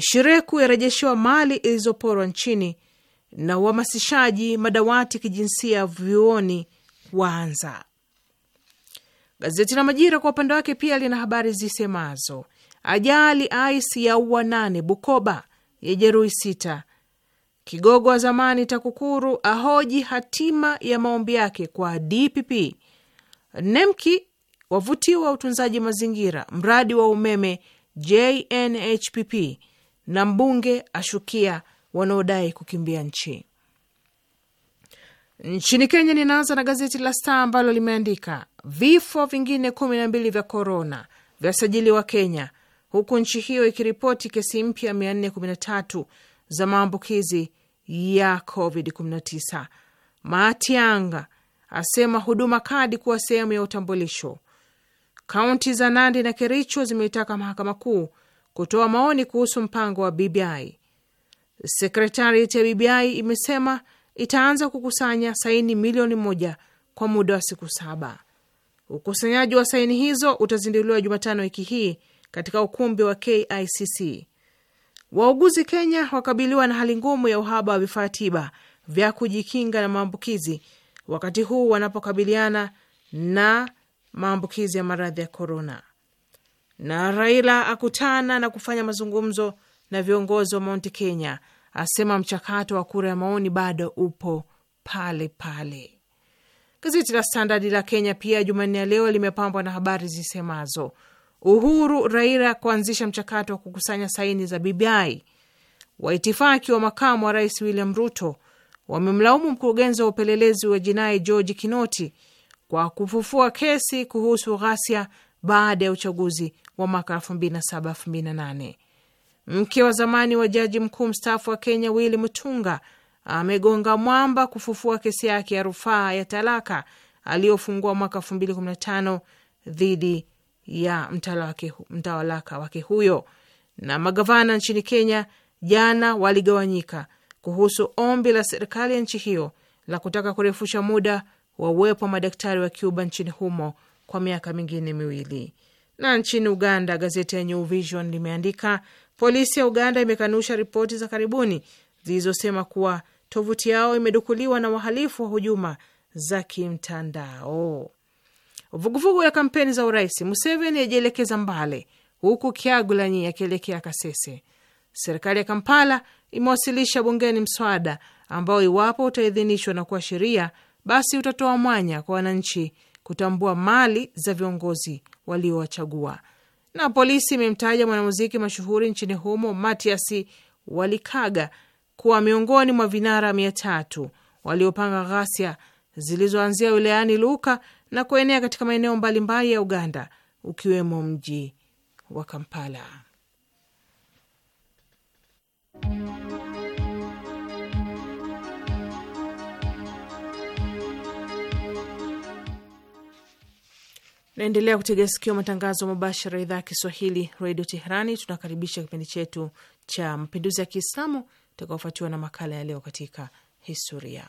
shireku yarejeshewa mali ilizoporwa nchini, na uhamasishaji madawati kijinsia vyuoni waanza. Gazeti la Majira kwa upande wake pia lina habari zisemazo: ajali ais ya uwanane Bukoba, ya jeruhi sita Kigogo wa zamani TAKUKURU ahoji hatima ya maombi yake kwa DPP. NEMKI wavutiwa utunzaji mazingira mradi wa umeme JNHPP, na mbunge ashukia wanaodai kukimbia nchi. Nchini Kenya, ninaanza na gazeti la Star ambalo limeandika vifo vingine kumi na mbili vya korona vyasajiliwa Kenya, huku nchi hiyo ikiripoti kesi mpya 413 za maambukizi ya COVID-19. Matianga asema huduma kadi kuwa sehemu ya utambulisho. Kaunti za Nandi na Kericho zimeitaka mahakama kuu kutoa maoni kuhusu mpango wa BBI. Sekretarieti ya BBI imesema itaanza kukusanya saini milioni moja kwa muda wa siku saba. Ukusanyaji wa saini hizo utazinduliwa Jumatano wiki hii katika ukumbi wa KICC. Wauguzi Kenya wakabiliwa na hali ngumu ya uhaba wa vifaa tiba vya kujikinga na maambukizi wakati huu wanapokabiliana na maambukizi ya maradhi ya korona. Na Raila akutana na kufanya mazungumzo na viongozi wa Mount Kenya, asema mchakato wa kura ya maoni bado upo pale pale. Gazeti la Standard la Kenya pia Jumanne ya leo limepambwa na habari zisemazo Uhuru Raila kuanzisha mchakato wa kukusanya saini za BBI. Waitifaki wa makamu wa rais William Ruto wamemlaumu mkurugenzi wa upelelezi wa jinai George Kinoti kwa kufufua kesi kuhusu ghasia baada ya uchaguzi wa mwaka 2007 2008. Mke wa zamani wa jaji mkuu mstaafu wa Kenya Willy Mutunga amegonga mwamba kufufua kesi yake ya rufaa ya talaka aliyofungua mwaka 2015 dhidi ya mtawalaka wake huyo. Na magavana nchini Kenya jana waligawanyika kuhusu ombi la serikali ya nchi hiyo la kutaka kurefusha muda wa uwepo wa madaktari wa Cuba nchini humo kwa miaka mingine miwili. Na nchini Uganda, gazeti ya New Vision limeandika polisi ya Uganda imekanusha ripoti za karibuni zilizosema kuwa tovuti yao imedukuliwa na wahalifu wa hujuma za kimtandao. Vuguvugu ya kampeni za urais, Museveni yajielekeza Mbale huku Kyagulanyi akielekea Kasese. Serikali ya Kampala imewasilisha bungeni mswada ambao iwapo utaidhinishwa na kuwa sheria, basi utatoa mwanya kwa wananchi kutambua mali za viongozi waliowachagua. Na polisi imemtaja mwanamuziki mashuhuri nchini humo Matias Walikaga kuwa miongoni mwa vinara mia tatu waliopanga ghasia zilizoanzia wilayani Luka na kuenea katika maeneo mbalimbali ya Uganda ukiwemo mji wa Kampala. Naendelea kutegea sikio matangazo mubashara ya idhaa ya Kiswahili redio Teherani. Tunakaribisha kipindi chetu cha mapinduzi ya Kiislamu itakaofuatiwa na makala ya leo katika historia.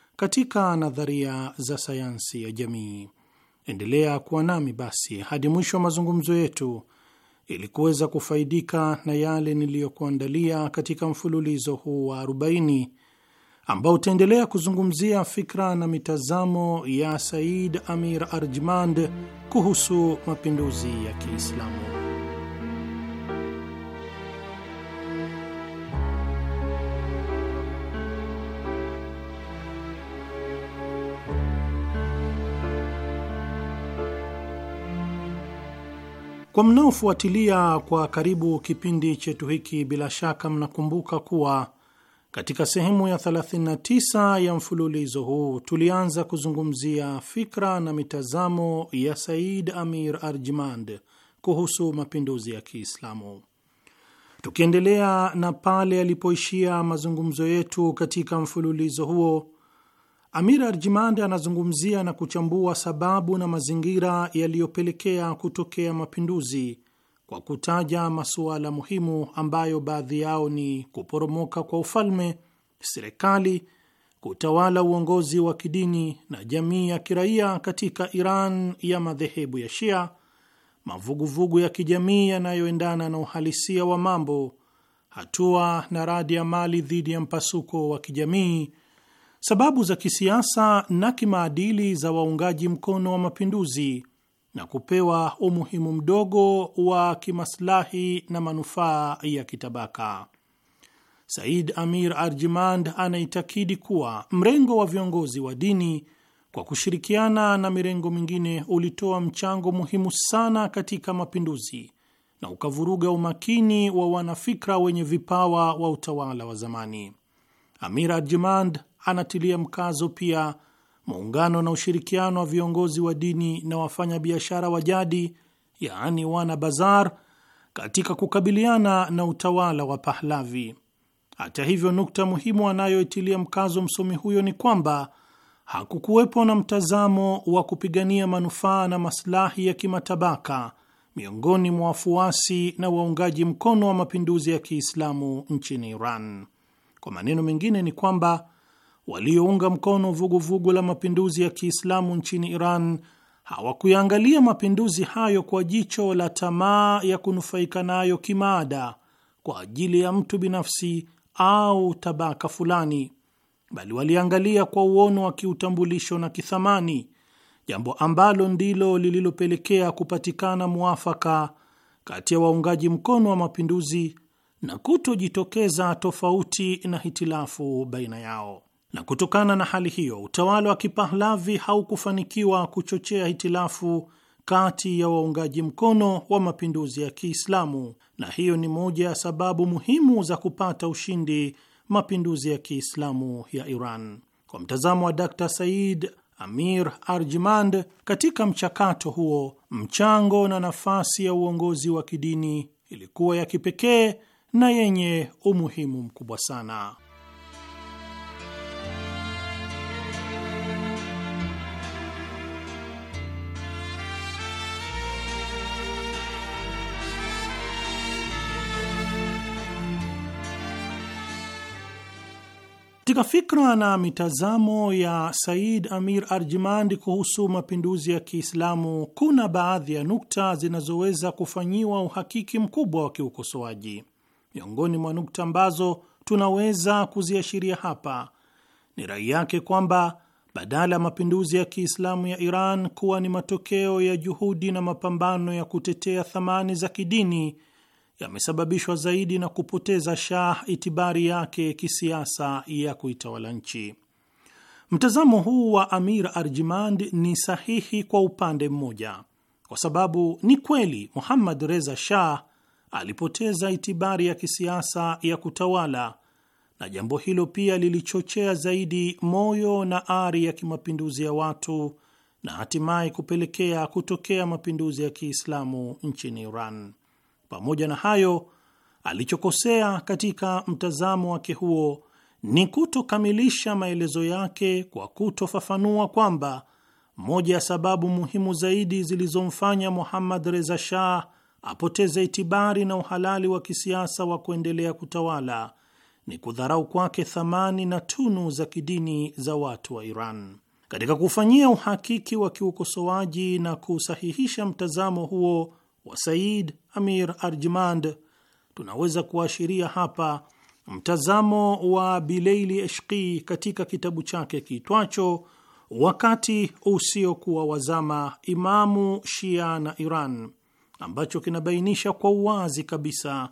katika nadharia za sayansi ya jamii. Endelea kuwa nami basi hadi mwisho wa mazungumzo yetu ili kuweza kufaidika na yale niliyokuandalia katika mfululizo huu wa 40 ambao utaendelea kuzungumzia fikra na mitazamo ya Said Amir Arjmand kuhusu mapinduzi ya Kiislamu. Kwa mnaofuatilia kwa karibu kipindi chetu hiki, bila shaka mnakumbuka kuwa katika sehemu ya 39 ya mfululizo huu tulianza kuzungumzia fikra na mitazamo ya Said Amir Arjmand kuhusu mapinduzi ya Kiislamu, tukiendelea na pale alipoishia mazungumzo yetu katika mfululizo huo. Amir Arjimand anazungumzia na kuchambua sababu na mazingira yaliyopelekea kutokea mapinduzi kwa kutaja masuala muhimu ambayo baadhi yao ni kuporomoka kwa ufalme, serikali, kutawala uongozi wa kidini na jamii ya kiraia katika Iran ya madhehebu ya Shia, mavuguvugu ya kijamii yanayoendana na uhalisia wa mambo, hatua na radi ya mali dhidi ya mpasuko wa kijamii sababu za kisiasa na kimaadili za waungaji mkono wa mapinduzi na kupewa umuhimu mdogo wa kimaslahi na manufaa ya kitabaka. Said Amir Arjimand anaitakidi kuwa mrengo wa viongozi wa dini kwa kushirikiana na mirengo mingine ulitoa mchango muhimu sana katika mapinduzi na ukavuruga umakini wa wanafikra wenye vipawa wa utawala wa zamani. Amir Arjimand anatilia mkazo pia muungano na ushirikiano wa viongozi wa dini na wafanyabiashara wa jadi, yaani wana bazar, katika kukabiliana na utawala wa Pahlavi. Hata hivyo, nukta muhimu anayoitilia mkazo msomi huyo ni kwamba hakukuwepo na mtazamo wa kupigania manufaa na maslahi ya kimatabaka miongoni mwa wafuasi na waungaji mkono wa mapinduzi ya Kiislamu nchini Iran. Kwa maneno mengine ni kwamba waliounga mkono vuguvugu vugu la mapinduzi ya Kiislamu nchini Iran hawakuyaangalia mapinduzi hayo kwa jicho la tamaa ya kunufaika nayo kimaada kwa ajili ya mtu binafsi au tabaka fulani, bali waliangalia kwa uono wa kiutambulisho na kithamani, jambo ambalo ndilo lililopelekea kupatikana mwafaka kati ya waungaji mkono wa mapinduzi na kutojitokeza tofauti na hitilafu baina yao na kutokana na hali hiyo utawala wa Kipahlavi haukufanikiwa kuchochea hitilafu kati ya waungaji mkono wa mapinduzi ya Kiislamu, na hiyo ni moja ya sababu muhimu za kupata ushindi mapinduzi ya Kiislamu ya Iran. Kwa mtazamo wa Dr. Said Amir Arjmand, katika mchakato huo mchango na nafasi ya uongozi wa kidini ilikuwa ya kipekee na yenye umuhimu mkubwa sana. Katika fikra na mitazamo ya Said Amir Arjimandi kuhusu mapinduzi ya Kiislamu kuna baadhi ya nukta zinazoweza kufanyiwa uhakiki mkubwa wa kiukosoaji. Miongoni mwa nukta ambazo tunaweza kuziashiria hapa ni rai yake kwamba badala ya mapinduzi ya Kiislamu ya Iran kuwa ni matokeo ya juhudi na mapambano ya kutetea thamani za kidini yamesababishwa zaidi na kupoteza Shah itibari yake kisiasa ya kuitawala nchi. Mtazamo huu wa Amir Arjimand ni sahihi kwa upande mmoja, kwa sababu ni kweli Muhammad Reza Shah alipoteza itibari ya kisiasa ya kutawala, na jambo hilo pia lilichochea zaidi moyo na ari ya kimapinduzi ya watu na hatimaye kupelekea kutokea mapinduzi ya Kiislamu nchini Iran. Pamoja na hayo, alichokosea katika mtazamo wake huo ni kutokamilisha maelezo yake kwa kutofafanua kwamba moja ya sababu muhimu zaidi zilizomfanya Muhammad Reza Shah apoteze itibari na uhalali wa kisiasa wa kuendelea kutawala ni kudharau kwake thamani na tunu za kidini za watu wa Iran. Katika kufanyia uhakiki wa kiukosoaji na kusahihisha mtazamo huo wa Said Amir Arjmand tunaweza kuashiria hapa mtazamo wa Bileili Eshqi katika kitabu chake kiitwacho Wakati Usiokuwa Wazama, Imamu Shia na Iran, ambacho kinabainisha kwa uwazi kabisa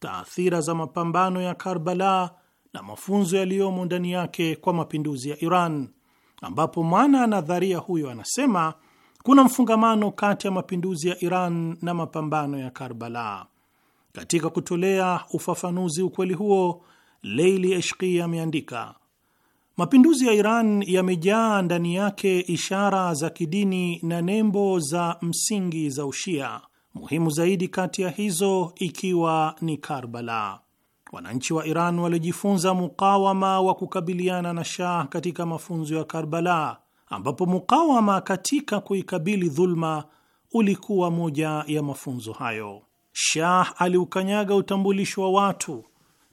taathira za mapambano ya Karbala na mafunzo yaliyomo ndani yake kwa mapinduzi ya Iran, ambapo mwana nadharia huyo anasema kuna mfungamano kati ya mapinduzi ya Iran na mapambano ya Karbala. Katika kutolea ufafanuzi ukweli huo, Leili Eshki ameandika, mapinduzi ya Iran yamejaa ndani yake ishara za kidini na nembo za msingi za Ushia, muhimu zaidi kati ya hizo ikiwa ni Karbala. Wananchi wa Iran walijifunza mukawama wa kukabiliana na Shah katika mafunzo ya Karbala ambapo mukawama katika kuikabili dhulma ulikuwa moja ya mafunzo hayo. Shah aliukanyaga utambulisho wa watu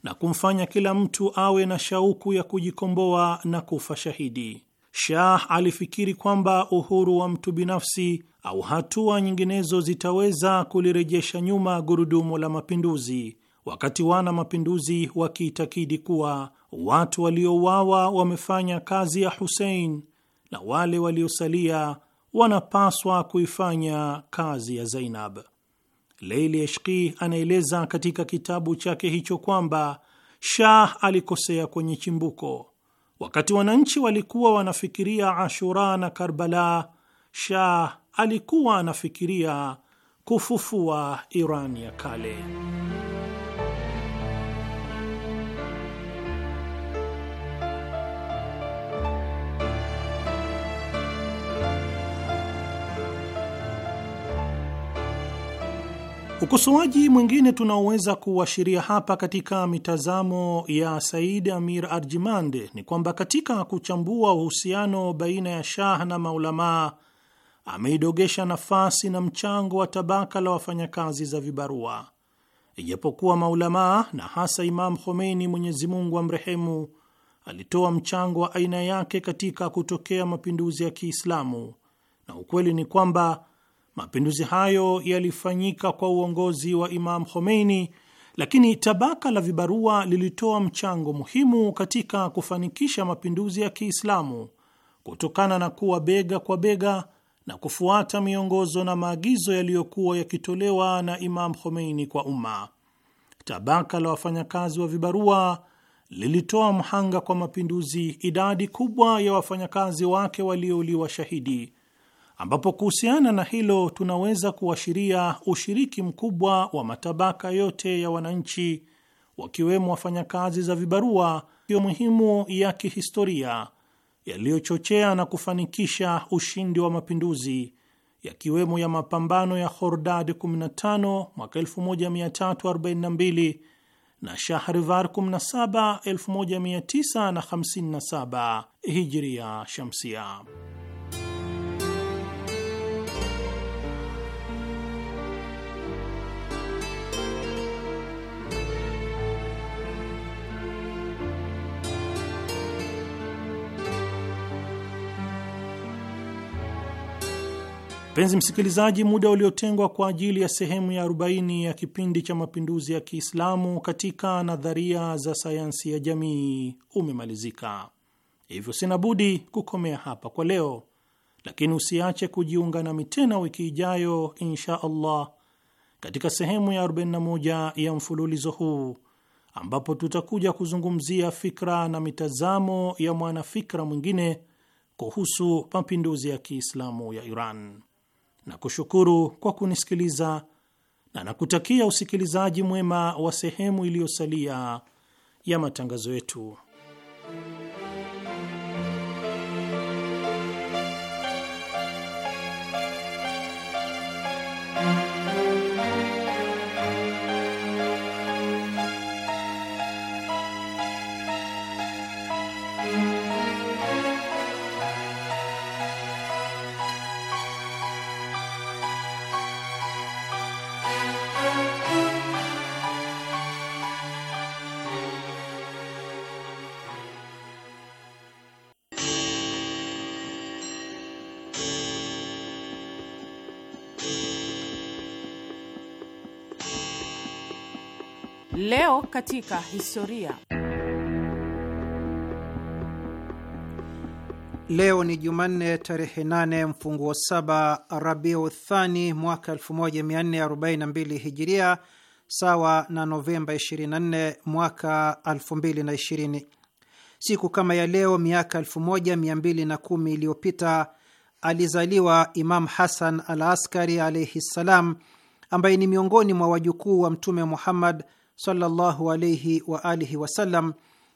na kumfanya kila mtu awe na shauku ya kujikomboa na kufa shahidi. Shah alifikiri kwamba uhuru wa mtu binafsi au hatua nyinginezo zitaweza kulirejesha nyuma gurudumu la mapinduzi, wakati wana mapinduzi wakiitakidi kuwa watu waliouawa wamefanya kazi ya Husein na wale waliosalia wanapaswa kuifanya kazi ya Zainab. Leili Eshqi anaeleza katika kitabu chake hicho kwamba Shah alikosea kwenye chimbuko. Wakati wananchi walikuwa wanafikiria Ashura na Karbala, Shah alikuwa anafikiria kufufua Iran ya kale. Ukosoaji mwingine tunaoweza kuashiria hapa katika mitazamo ya Said Amir Arjimande ni kwamba katika kuchambua uhusiano baina ya Shah na maulamaa ameidogesha nafasi na mchango wa tabaka la wafanyakazi za vibarua, ijapokuwa maulamaa na hasa Imam Khomeini, Mwenyezi Mungu amrehemu, alitoa mchango wa aina yake katika kutokea mapinduzi ya Kiislamu, na ukweli ni kwamba Mapinduzi hayo yalifanyika kwa uongozi wa Imam Khomeini, lakini tabaka la vibarua lilitoa mchango muhimu katika kufanikisha mapinduzi ya Kiislamu kutokana na kuwa bega kwa bega na kufuata miongozo na maagizo yaliyokuwa yakitolewa na Imam Khomeini kwa umma. Tabaka la wafanyakazi wa vibarua lilitoa mhanga kwa mapinduzi idadi kubwa ya wafanyakazi wake waliouliwa shahidi ambapo kuhusiana na hilo tunaweza kuashiria ushiriki mkubwa wa matabaka yote ya wananchi wakiwemo wafanyakazi za vibarua hiyo muhimu ya kihistoria yaliyochochea na kufanikisha ushindi wa mapinduzi yakiwemo ya mapambano ya Hordad 15 mwaka 1342 na Shahrivar 17 1957 Hijria Shamsia. Mpenzi msikilizaji, muda uliotengwa kwa ajili ya sehemu ya 40 ya kipindi cha mapinduzi ya Kiislamu katika nadharia za sayansi ya jamii umemalizika, hivyo sina budi kukomea hapa kwa leo, lakini usiache kujiunga nami tena wiki ijayo insha Allah katika sehemu ya 41 ya mfululizo huu ambapo tutakuja kuzungumzia fikra na mitazamo ya mwanafikra mwingine kuhusu mapinduzi ya Kiislamu ya Iran na kushukuru kwa kunisikiliza na nakutakia usikilizaji mwema wa sehemu iliyosalia ya matangazo yetu. Leo katika historia. Leo ni Jumanne tarehe 8 mfunguo saba Rabiu Thani mwaka 1442 Hijiria, sawa na Novemba 24 mwaka 2020. Siku kama ya leo miaka 1210 iliyopita alizaliwa Imam Hasan al Askari alaihi ssalam, ambaye ni miongoni mwa wajukuu wa Mtume Muhammad sallallahu wa alihi wasallam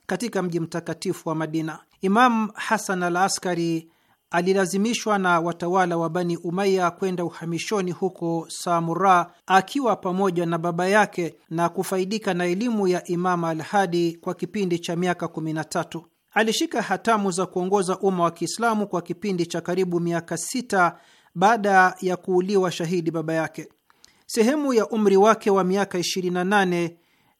katika mji mtakatifu wa Madina. imamu Hasan al Askari alilazimishwa na watawala wa Bani Umaya kwenda uhamishoni huko Samura akiwa pamoja na baba yake na kufaidika na elimu ya Imamu al Hadi kwa kipindi cha miaka 13. Alishika hatamu za kuongoza umma wa Kiislamu kwa kipindi cha karibu miaka sita baada ya kuuliwa shahidi baba yake. Sehemu ya umri wake wa miaka 28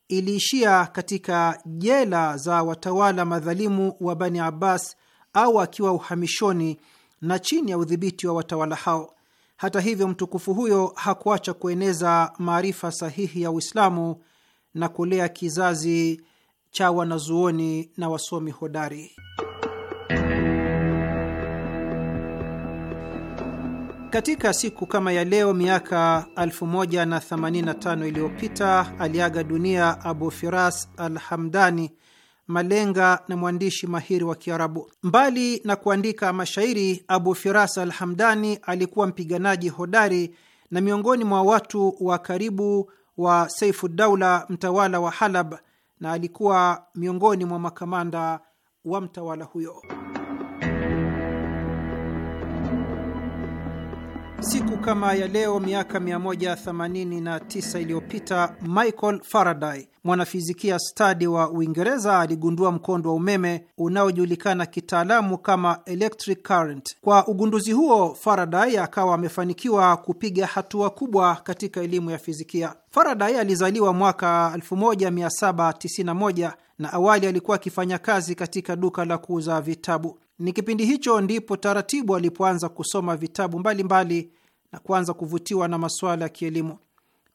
iliishia katika jela za watawala madhalimu wa Bani Abbas au akiwa uhamishoni na chini ya udhibiti wa watawala hao. Hata hivyo, mtukufu huyo hakuacha kueneza maarifa sahihi ya Uislamu na kulea kizazi cha wanazuoni na wasomi hodari. Katika siku kama ya leo miaka 1085 iliyopita aliaga dunia Abu Firas al-Hamdani, malenga na mwandishi mahiri wa Kiarabu. Mbali na kuandika mashairi, Abu Firas al-Hamdani alikuwa mpiganaji hodari na miongoni mwa watu wa karibu wa Saifudaula, mtawala wa Halab, na alikuwa miongoni mwa makamanda wa mtawala huyo. Siku kama ya leo miaka 189 iliyopita Michael Faraday mwanafizikia stadi wa Uingereza aligundua mkondo wa umeme unaojulikana kitaalamu kama electric current. Kwa ugunduzi huo, Faraday akawa amefanikiwa kupiga hatua kubwa katika elimu ya fizikia. Faraday alizaliwa mwaka 1791 na awali alikuwa akifanya kazi katika duka la kuuza vitabu. Ni kipindi hicho ndipo taratibu alipoanza kusoma vitabu mbalimbali mbali na kuanza kuvutiwa na masuala ya kielimu.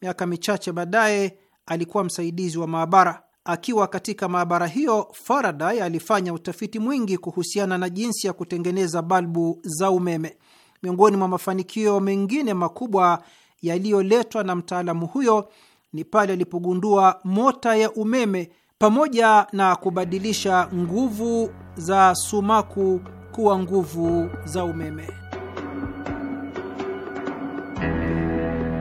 Miaka michache baadaye alikuwa msaidizi wa maabara. Akiwa katika maabara hiyo, Faraday alifanya utafiti mwingi kuhusiana na jinsi ya kutengeneza balbu za umeme. Miongoni mwa mafanikio mengine makubwa yaliyoletwa na mtaalamu huyo ni pale alipogundua mota ya umeme pamoja na kubadilisha nguvu za sumaku kuwa nguvu za umeme.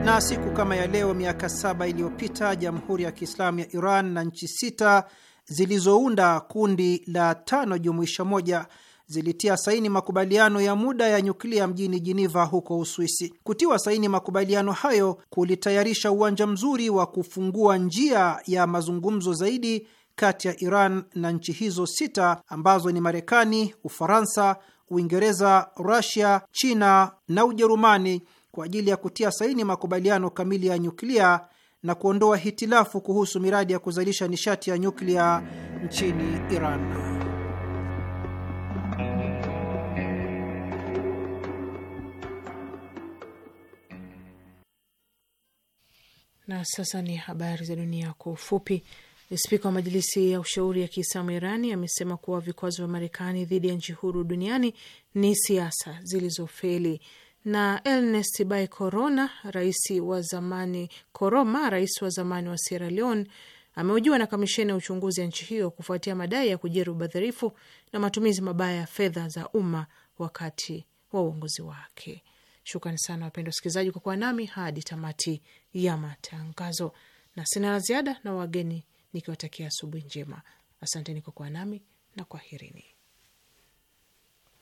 Na siku kama ya leo miaka saba iliyopita Jamhuri ya Kiislamu ya Iran na nchi sita zilizounda kundi la tano jumuisha moja zilitia saini makubaliano ya muda ya nyuklia mjini Jiniva huko Uswisi. Kutiwa saini makubaliano hayo kulitayarisha uwanja mzuri wa kufungua njia ya mazungumzo zaidi kati ya Iran na nchi hizo sita ambazo ni Marekani, Ufaransa, Uingereza, Rusia, China na Ujerumani kwa ajili ya kutia saini makubaliano kamili ya nyuklia na kuondoa hitilafu kuhusu miradi ya kuzalisha nishati ya nyuklia nchini Iran. Na sasa ni habari za dunia kwa ufupi. Spika wa Majilisi ya Ushauri ya Kiislamu Irani amesema kuwa vikwazo vya Marekani dhidi ya nchi huru duniani ni siasa zilizofeli. Na Ernest Bai Koroma, rais wa zamani Koroma, rais wa zamani wa Sierra Leone, ameujiwa na kamisheni ya uchunguzi ya nchi hiyo kufuatia madai ya kujeri ubadhirifu na matumizi mabaya ya fedha za umma wakati wa uongozi wake. Shukrani sana wapendwa wasikilizaji kwa kuwa nami hadi tamati ya matangazo, na sina la ziada na wageni nikiwatakia asubuhi njema. Asanteni kwa kuwa nami na kwaherini.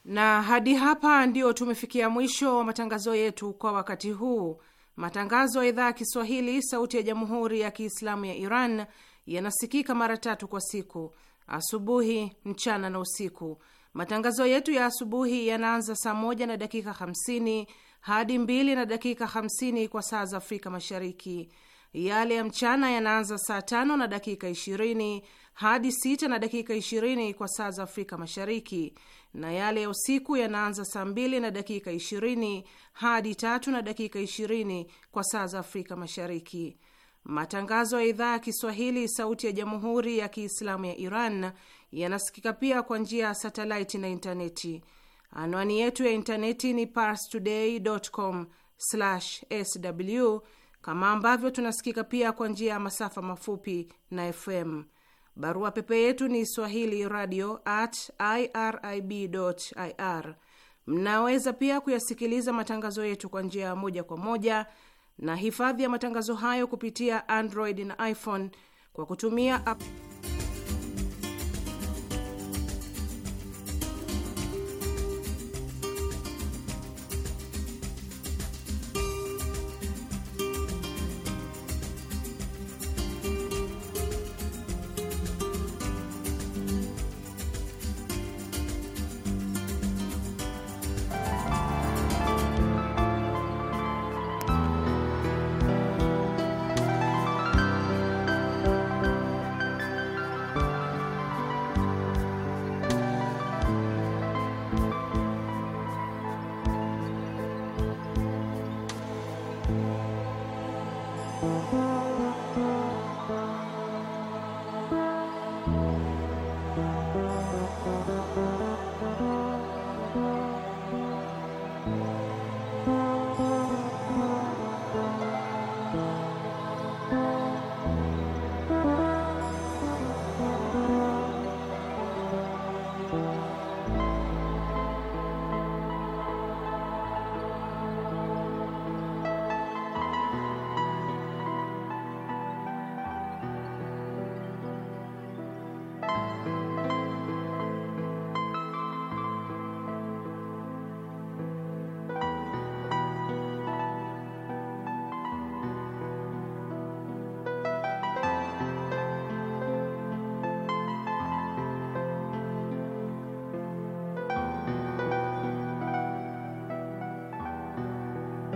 Na hadi hapa ndio tumefikia mwisho wa matangazo yetu kwa wakati huu. Matangazo ya idhaa ya Kiswahili sauti ya jamhuri ya Kiislamu ya Iran yanasikika mara tatu kwa siku: asubuhi, mchana na usiku. Matangazo yetu ya asubuhi yanaanza saa moja na dakika hamsini hadi mbili na dakika 50 kwa saa za Afrika Mashariki. Yale ya mchana yanaanza saa tano na dakika 20 hadi sita na dakika ishirini kwa saa za Afrika Mashariki, na yale ya usiku yanaanza saa mbili na dakika ishirini hadi tatu na dakika ishirini kwa saa za Afrika Mashariki. Matangazo ya idhaa ya Kiswahili sauti ya Jamhuri ya Kiislamu ya Iran yanasikika pia kwa njia ya satelaiti na intaneti. Anwani yetu ya intaneti ni parstoday.com/sw, kama ambavyo tunasikika pia kwa njia ya masafa mafupi na FM. Barua pepe yetu ni swahili radio at irib ir. Mnaweza pia kuyasikiliza matangazo yetu kwa njia ya moja kwa moja na hifadhi ya matangazo hayo kupitia Android na iPhone kwa kutumia app